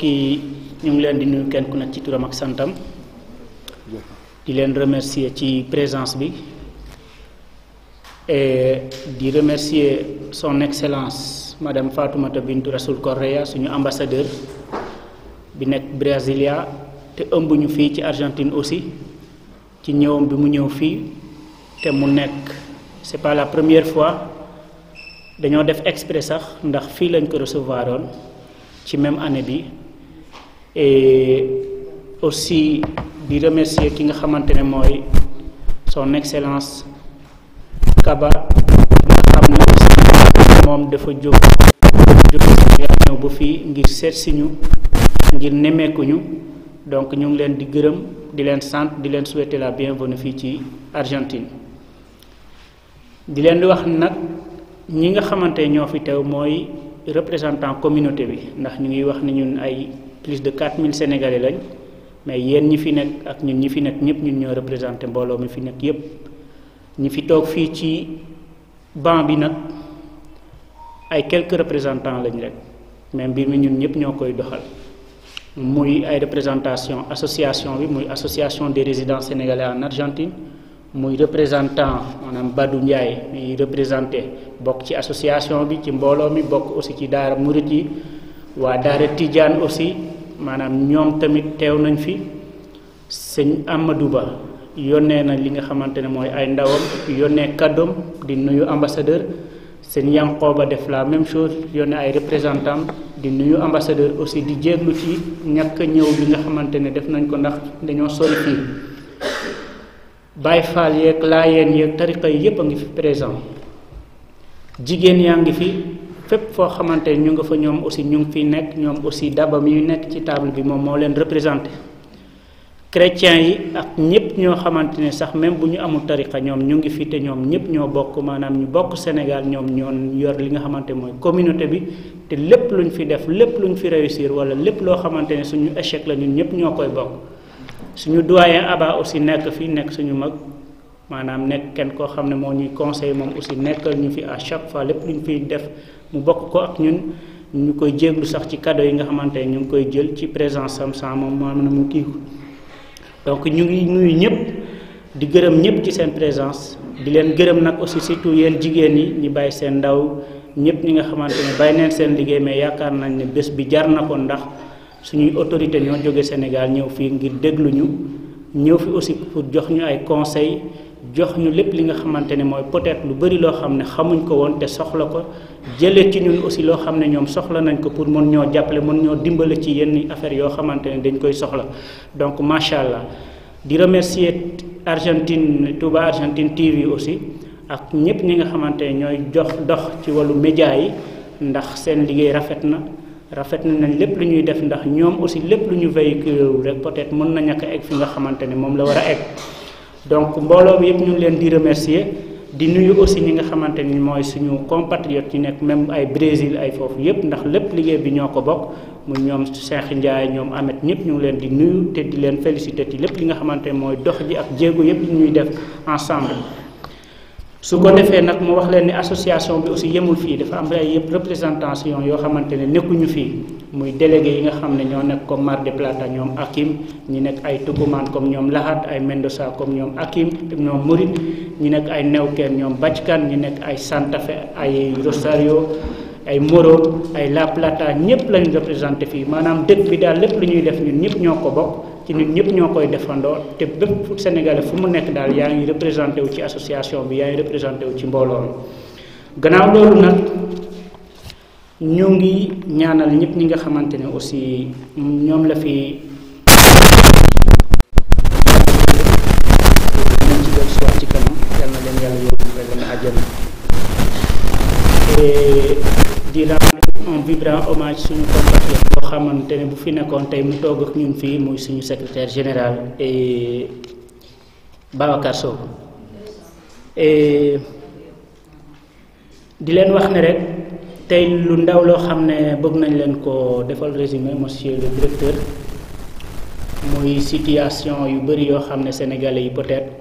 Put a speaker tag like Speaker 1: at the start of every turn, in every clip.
Speaker 1: kii ñu ngi leen di nuyu kenn ku nekk ci turam ak santam di leen remercier ci présence bi et di remercier son excellence madame Fatoumata Bintou Rassoul Correa suñu ambassadeur bi nekk Brasilia te ëmb ñu fii ci Argentine aussi ci ñëwam bi mu ñëw fii te mu nekk c'est pas la première fois dañoo def exprès sax ndax fii lañ ko recevoir on ci même année bi et eh, aussi di remercier ki nga xamante ne mooy son excellence Kaba nga xam ne aussi moom dafa jóg jóg Sénégal ñëw ba fii ngir seet ñu ngir nemmeekuñu donc ñu ngi leen di gërëm di leen sant di leen souhaiter la bien bienvenue fii ci Argentine di leen di wax nag ñi nga xamante ñoo fi teew mooy représentant communauté bi ndax ñu ngi wax ni ay plus de 4000 sénégalais lañ mais yéen ñi fi nekk ak ñun ñi fi nekk ñëpp ñun ñoo représenté mbooloo mi fi nekk yépp ñi fi toog fii ci banc bi nag ay quelques représentant lañ rek mais mbir mi ñun ñëpp ñoo koy doxal muy ay représentation association bi muy association des résidents sénégalais en Argentine muy représentant maanaam Badou Ndiaye muy représenté bokk ci association bi ci mbooloo mi bokk aussi ci daara murit yi waa daara Tidiane aussi maanaam ñoom tamit teew nañ fi sëñ Amadou Ba yónnee na li nga xamante ne mooy ay ndawam yonnee kàddoom di nuyu ambassadeur sëñ Yankooba def la même chose yonne ay représentant di nuyu ambassadeur aussi di jéeglu ci ñàkk ñëw bi nga xamante ne def nañ ko ndax dañoo sori fii Baay Faal yeeg laayeen yeeg tariqa yi yëpp a ngi fi présent jigéen yaa ngi fi fépp foo xamante ñu nga fa ñoom aussi ñu ngi fiy nekk ñoom aussi daba mi yu nekk ci table bi moom moo leen représenté chrétiens yi ak ñëpp ñoo xamante ne sax même bu ñu amul tariqa ñoom ñu ngi fi te ñoom ñëpp ñoo bokk maanaam ñu bokk Sénégal ñoom ñoo yor li nga xamante mooy communauté bi te lépp luñ fi def lépp luñ fi réussir wala lépp loo xamante ne suñu échec la ñun ñëpp ñoo koy bokk suñu doyen Aba aussi nekk fi nekk suñu mag maanaam nekk kenn koo xam ne moo ñuy conseil moom aussi nekkal ñu fi à chaque fois lépp luñ fiy def mu bokk ko ak ñun ñu koy jéeglu sax ci cadeau yi nga xamante ne ñu ngi koy jël ci présence am sans moom maanaam mu kii ko donc ñu ngi nuyu ñëpp di gërëm ñëpp ci seen présence di leen gërëm nag aussi surtout yéen jigéen ñi ñu bàyyi seen ndaw ñëpp ñi nga xamante ne bàyyi neen seen liggéey mais yaakaar nañ ne bés bi jar na ko ndax suñuy autorité ñoo jóge Sénégal ñëw fii ngir déglu ñu ñëw fi aussi pour jox ñu ay conseils jox ñu lépp li nga xamante ne mooy peut-être lu bari loo xam ne xamuñ ko woon te soxla ko jëlee ci ñun aussi loo xam ne ñoom soxla nañ ko pour mun ñoo jàppale mun ñoo dimbale ci yenn affaires yoo xamante ne dañ koy soxla donc macha allah di remercier Argentine Touba Argentine TV aussi ak ñëpp ñi nga xamante ne ñooy jox dox ci wàllu média yi ndax seen liggéey rafet na. rafet nañ lépp lu ñuy def ndax ñoom aussi lépp lu ñu véhiculé rek peut-être mën nañ ñàkk a egg fi nga xamante ne moom la war a egg. donc mbooloo bi yëpp ñu ngi leen di remercier di nuyu aussi ñi nga xamante ni mooy suñu compatriotes yi nekk même ay Brésil ay foofu yëpp ndax lépp liggéey bi ñoo ko bokk mu ñoom Cheikh Ndiaye ñoom Ahmed ñëpp ñu leen di nuyu te di leen féliciter ci lépp li nga xamante ne mooy dox ji ak jéego yëpp ñuy def ensemble. su ko defee nag mu wax leen ni association bi aussi yemul fii dafa am ay yëpp représentation yoo xamante ne nekkuñu fii. muy délégué yi nga xam ne ñoo nekk ko Mar de Plata ñoom Akim ñi nekk ay Tukumaan comme ñoom Lahat ay Mendoza kom ñoom Akim ñoom Murit ñi nekk ay Neuquén ñoom Bajkan ñi nekk ay Santa Fe ay Rosario ay Moro ay La Plata ñëpp lañu représenté fii maanaam dëkk bi daal lépp lu ñuy def ñun ñëpp ñoo ko bokk ci ñun ñëpp ñoo koy defandoo te bépp Sénégalais fu mu nekk daal yaa ngi représenté wu ci association bi yaa ngi représenté wu ci mbooloo gannaaw loolu ñu ngi ñaanal ñëpp ñi nga xamante ne aussi ñoom la fi ñoom ci del soit di rendre un vibrant hommage suñu compatriote boo xamante ne bu fi nekkoon tey mu toog ñun fii muy suñu secretaire général et Babacar di leen wax ne rek tey lu ndaw loo xam ne bëgg nañ leen ko defal résumé monsieur le directeur muy situation yu bëri yoo xam ne sénégalais yi peut-être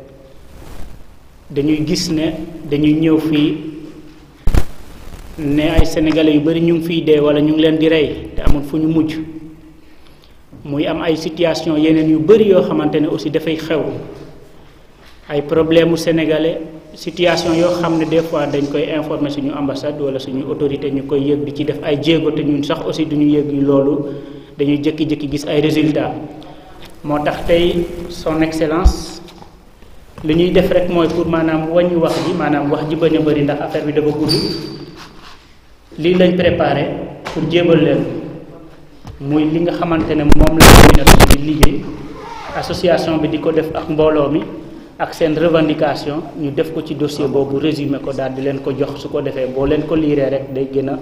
Speaker 1: dañuy gis ne dañuy ñëw fii ne ay sénégalais yu bëri ñu ngi fiy dee wala ñu ngi leen di rey te amul fu ñu mujj muy am ay situation yeneen yu bëri yoo xamante ne aussi dafay xew ay problème mu sénégalais. situation yoo xam ne des fois dañ koy informer suñu ambassade wala suñu autorité ñu koy yëg di ci def ay jéego te ñu sax aussi duñu yëg loolu dañuy jëkki-jëkki gis ay résultats moo tax tey son excellence li ñuy def rek mooy pour maanaam wàññi wax ji maanaam wax ji bañ bëri ndax affaire bi dafa gudd lii lañ préparé pour jébal leen muy li nga xamante ne moom la communauté bi liggéey association bi di ko def ak mbooloo mi ak seen revendication ñu def ko ci dossier boobu résumé ko daal di leen ko jox su ko defee boo leen ko liiree rek day gën a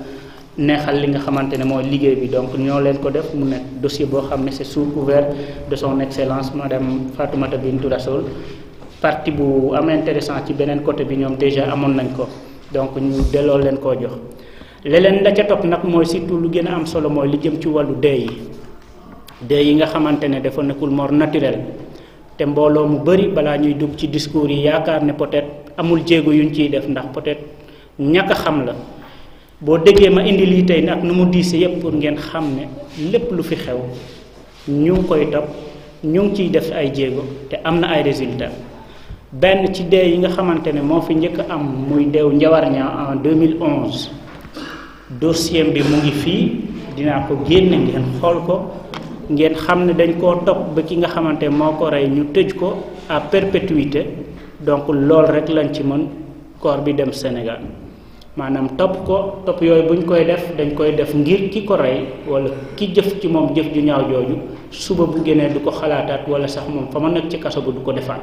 Speaker 1: neexal li nga xamante ne mooy liggéey bi donc ñoo leen ko def mu nekk dossier boo xam ne c'est sous couvert de son excellence madame Fatoumata Bintou Rassoul partie bu am intéressant ci beneen côté bi ñoom déjà amoon nañ ko donc ñu delloo leen koo jox leneen la ca topp nag mooy surtout lu gën a am solo mooy li jëm ci wàllu dee yi dee yi nga xamante ne dafa nekkul mort naturelle te mbooloo mu bëri balaa ñuy dugg ci discours yi yaakaar ne peut-être amul jéego yuñ ciy def ndax peut-être ñàkk xam la boo déggee ma indi lii tey nag nu mu diise yépp pour ngeen xam ne lépp lu fi xew ñu ngi koy tab ñu ngi ciy def ay jéego te am na ay résultats benn ci dee yi nga xamante ne moo fi njëkk am muy dew njawarñaa en 2011 dossier bi mu ngi fii dinaa ko génne ngeen xool ko ngeen xam ne dañ koo topp ba ki nga xamante moo ko rey ñu tëj ko à perpétuité donc lool rek lañ ci mën koor bi dem Sénégal maanaam topp ko topp yooyu bu ñu koy def dañ koy def ngir ki ko rey wala ki jëf ci moom jëf ju ñaaw jooju suba bu génnee du ko xalaataat wala sax moom fa ma nekk ci kaso ba du ko defaat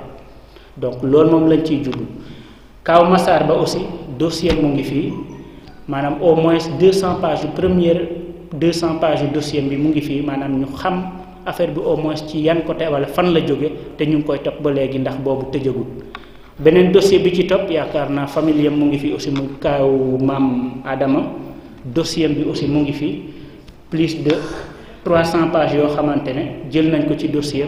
Speaker 1: donc loolu moom lañ ciy jublu Kaaw Massar ba aussi dossier mu ngi fii maanaam au moins 200 pages première. deux cent pages dossier bi mu ngi fii maanaam ñu xam affaire bi au moins ci yan côté wala fan la jóge te ñu ngi koy topp ba léegi ndax boobu tëjagul beneen dossier bi ci topp yaakaar naa famille mu ngi fi aussi mu kaaw maam Adama dossier bi aussi mu ngi fii plus de trois cent pages yoo xamante ne jël nañ ko ci dossier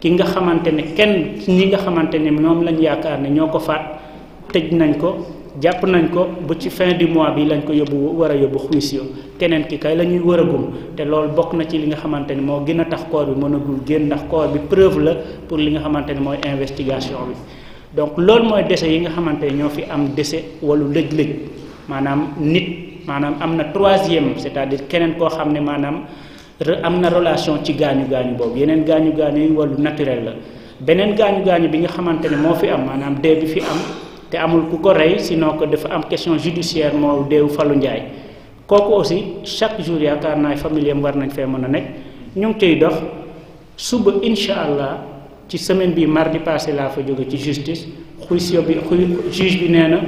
Speaker 1: ki nga xamante ne kenn ñi nga xamante ne ñoom lañu yaakaar ne ñoo ko faat tëj nañ ko jàpp nañ ko bu ci fin du mois bi lañ ko yóbbu war a yóbbu xuisiyo keneen ki kay la ñuy war a gum te loolu bokk na ci li nga xamante ni moo gën a tax corps bi mënagul génn ndax corps bi preuve la pour li nga xamante ni mooy investigation bi donc loolu mooy décès yi nga xamante ni ñoo fi am décès walu lëj maanaam nit maanaam am na troisième c'est-à-dire keneen koo xam ne maanaam am na relation ci gaañu gaañu boobu yeneen gaañu gaañu yi walu naturel la beneen gaañu gaañu bi nga xamante ne moo fi am maanaam dee bi fi am te amul ku ko rey sinon que dafa am question judiciaire moo deew Fallou Ndiaye kooku aussi chaque jour yaakaar naa famille am war nañ fee mën a nekk ñu ngi tey dox suba incha allah ci semaine bi mardi passé laa fa jóge ci justice xuy bi xuy juge bi nee na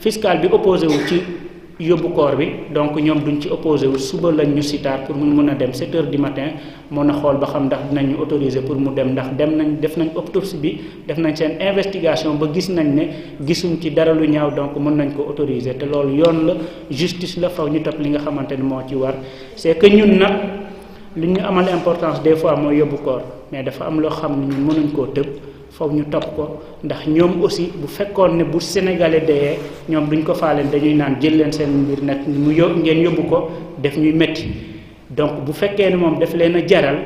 Speaker 1: fiscal bi opposé wu ci yóbbu koor bi donc ñoom duñ ci opposé wu suba lañ ñu sitaat pour mu mën a dem 7 heures du matin mën a xool ba xam ndax dinañu autoriser pour mu dem ndax dem nañ def nañ autopsie bi def nañ seen investigation ba gis nañ ne gisuñ ci dara lu ñaaw donc mën nañ ko autoriser te loolu yoon la justice la faw ñu topp li nga xamante ne moo ci war c'est que ñun nag lu ñu amal importance des fois mooy yóbbu koor mais dafa am loo xam ne ñun mënuñ koo tëb faw ñu topp ko ndax ñoom aussi bu fekkoon ne bu sénégalais dayee ñoom duñ ko faaleen dañuy naan jël leen seen mbir nag mu yó ngeen yóbbu ko def ñuy métti donc bu fekkee ne moom daf leen a jaral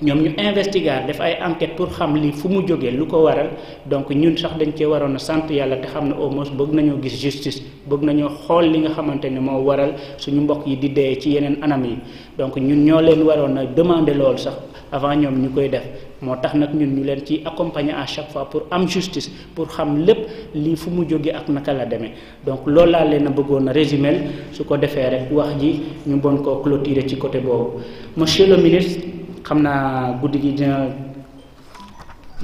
Speaker 1: ñoom ñu investigar def ay enquête pour xam li fu mu jógee lu ko waral donc ñun sax dañ cee waroon a sant yàlla te xam ne au moins bëgg nañoo gis justice bëgg nañoo xool li nga xamante ne moo waral suñu mbokk yi di dee ci yeneen anam yi donc ñun ñoo leen waroon a demander loolu sax avant ñoom ñu koy def moo tax nag ñun ñu leen ci accompagner à chaque fois pour am justice pour xam lépp lii fu mu jógee ak naka la demee donc loolu laa leen a bëggoon na résumer su ko defee rek wax ji ñu bon koo clôturer ci côté boobu monsieur le ministre xam naa guddi gi dina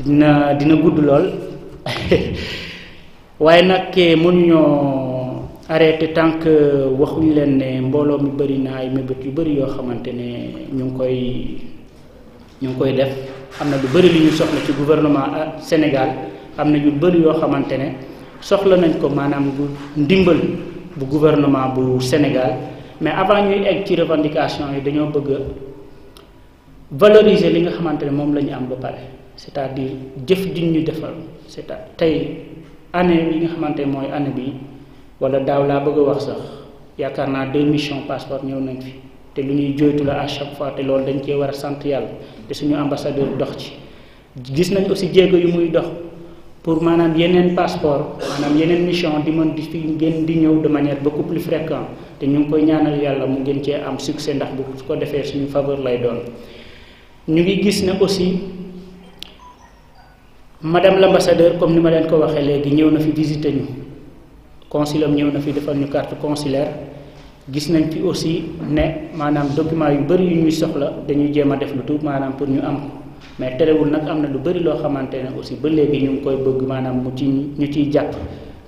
Speaker 1: dina dina gudd lool waaye nag mënuñoo arrêté tant que waxuñu leen ne mbooloo mu bëri na ay mébét yu bëri yoo xamante ne ñu ngi koy ñu ngi koy def xam na lu bëri li ñu soxla ci gouvernement euh, Sénégal am na ñu bëri yoo xamante ne soxla nañ ko maanaam bu ndimbal bu gouvernement bu Sénégal mais avant ñuy egg ci revendication yi dañoo bëgg a valoriser li nga xamante ne moom la ñu am ba pare c'est-à-dire jëf ji ñu defal c'est à tey année yi nga xamante ne mooy anne bi wala daaw laa bëgg a wax sax yaakaar naa deux missions passeport ñëw nañ fi. te lu ñuy joytu la à chaque fois te loolu dañ cee war a sant yàlla te suñu ambassadeur dox ci gis nañ aussi jéego yu muy dox pour maanaam yeneen passeport maanaam yeneen mission di mën di fi gën di ñëw de manière beaucoup plus fréquente te ñu ngi koy ñaanal yàlla mu ngeen cee am succès ndax bu su ko defee suñu faveur lay doon ñu ngi gis ne aussi madame l'ambassadeur comme ni ma leen ko waxee léegi ñëw na fi visiter ñu consulam ñëw na fi defal ñu carte consulaire gis nañ ci aussi ne maanaam document yu bëri yu ñuy soxla dañuy jéem a def lu tuut maanaam pour ñu am ko mais terewul nag am na lu bëri loo xamante ne aussi ba léegi ñu ngi koy bëgg maanaam mu ci ñu ciy jàpp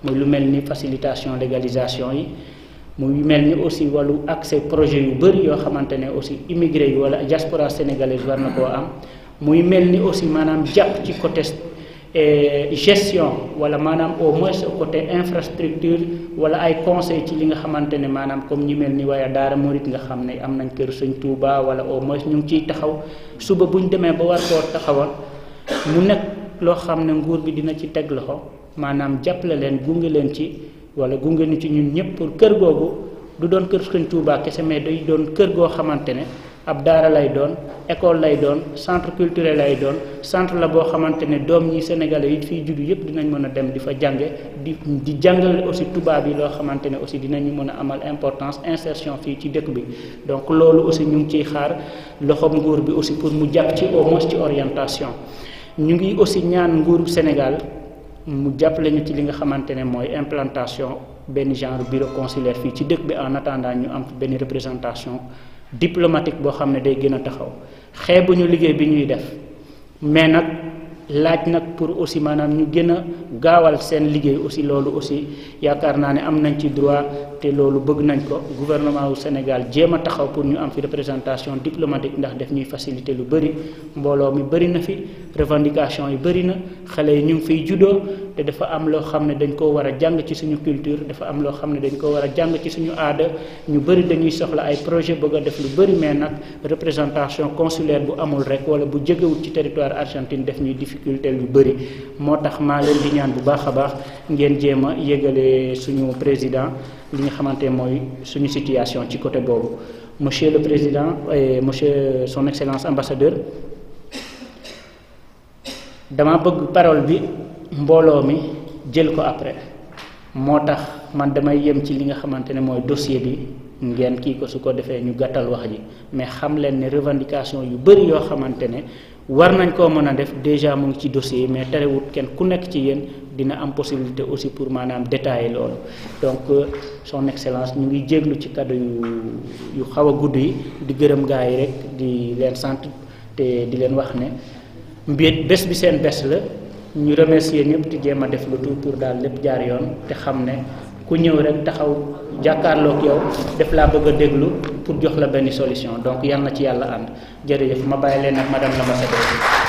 Speaker 1: muy lu mel ni facilitation légalisation yi muy mel ni aussi wallu accès projet yu bëri yoo xamante ne aussi immigré yi wala diaspora sénégalaise war na koo am muy mel ni aussi maanaam jàpp ci côté et eh, gestion wala maanaam au moins côté infrastructure wala ay conseil ci li nga xamante ne maanaam comme ñu mel ni waaye daara murit nga xam ne am nañ kër suñ Touba wala au moins ñu ngi ciy taxaw suba bu ñu demee ba war koo taxawal mu nekk loo xam ne nguur bi dina ci teg loxo maanaam jàppale leen gunge leen ci wala gunge ni ci ñun ñëpp pour kër googu du doon kër suñ Touba kese mais day doon kër goo xamante ne. ab daara lay doon école lay doon centre culturel lay doon centre la boo xamante ne doom ñi sénégalais yi fiy juddu yëpp dinañ mën a dem di fa jànge di di jàngale aussi tubaab yi loo xamante ne aussi dinañu mën a amal importance insertion fii ci dëkk bi donc loolu aussi ñu ngi ciy xaar loxoom nguur bi aussi pour mu jàpp ci au moins ci orientation ñu ngi aussi ñaan nguuru Sénégal mu jàppale ñu ci li nga xamante ne mooy implantation benn genre bureau consulaire fii ci dëkk bi en attendant ñu am benn représentation diplomatique boo xam ne day gën a taxaw ñu liggéey bi ñuy def mais nag laaj nag pour aussi maanaam ñu gën a gaawal seen liggéey aussi loolu aussi yaakaar naa ne am nañ ci droit te loolu bëgg nañ ko gouvernement wu Sénégal jéem a taxaw pour ñu am fi représentation diplomatique ndax def ñuy facilité lu bëri mbooloo mi bëri na fi revendication yi bëri na xale yi ñu ngi fiy juddoo te dafa am loo xam ne dañ koo war a jàng ci suñu culture dafa am loo xam ne dañ ko war a jàng ci suñu aada ñu bëri dañuy soxla ay projet bëgg a def lu bëri mais nag représentation consulaire bu amul rek wala bu jegewut ci teritoire argentine def ñuy difficulté lu bëri moo tax maa ñaan bu baax a baax ngeen jéem a yëgalee suñu président li nga xamante mooy suñu situation ci côté boobu monsieur le président et eh, monsieur son excellence ambassadeur dama bëgg parole bi mbooloo mi jël ko après moo tax man damay yem ci li nga xamante ne mooy dossier bi ngeen kii ko su ko defee ñu gàttal wax ji mais xam leen ne revendication yu bëri yoo xamante ne war nañ koo mën a def déjà mu ngi ci dossier mais terewut kenn ku nekk ci yéen dina am possibilité aussi pour maanaam détailler loolu donc euh, son excellence ñu ngi jéglu ci kaddu yu yu xaw a gudd yi di gërëm gaa yi rek di leen sant te di leen wax ne mbir bés bi seen bés la ñu remercier ñëpp di jéem a def lu tout pour daal lépp jaar yoon te xam ne ku ñëw rek taxaw jàkkaarloog yow def laa bëgg a déglu pour jox la benn solution donc yal na ci yàlla ànd jërëjëf ma bàyyi leen ak madame la ambassadeur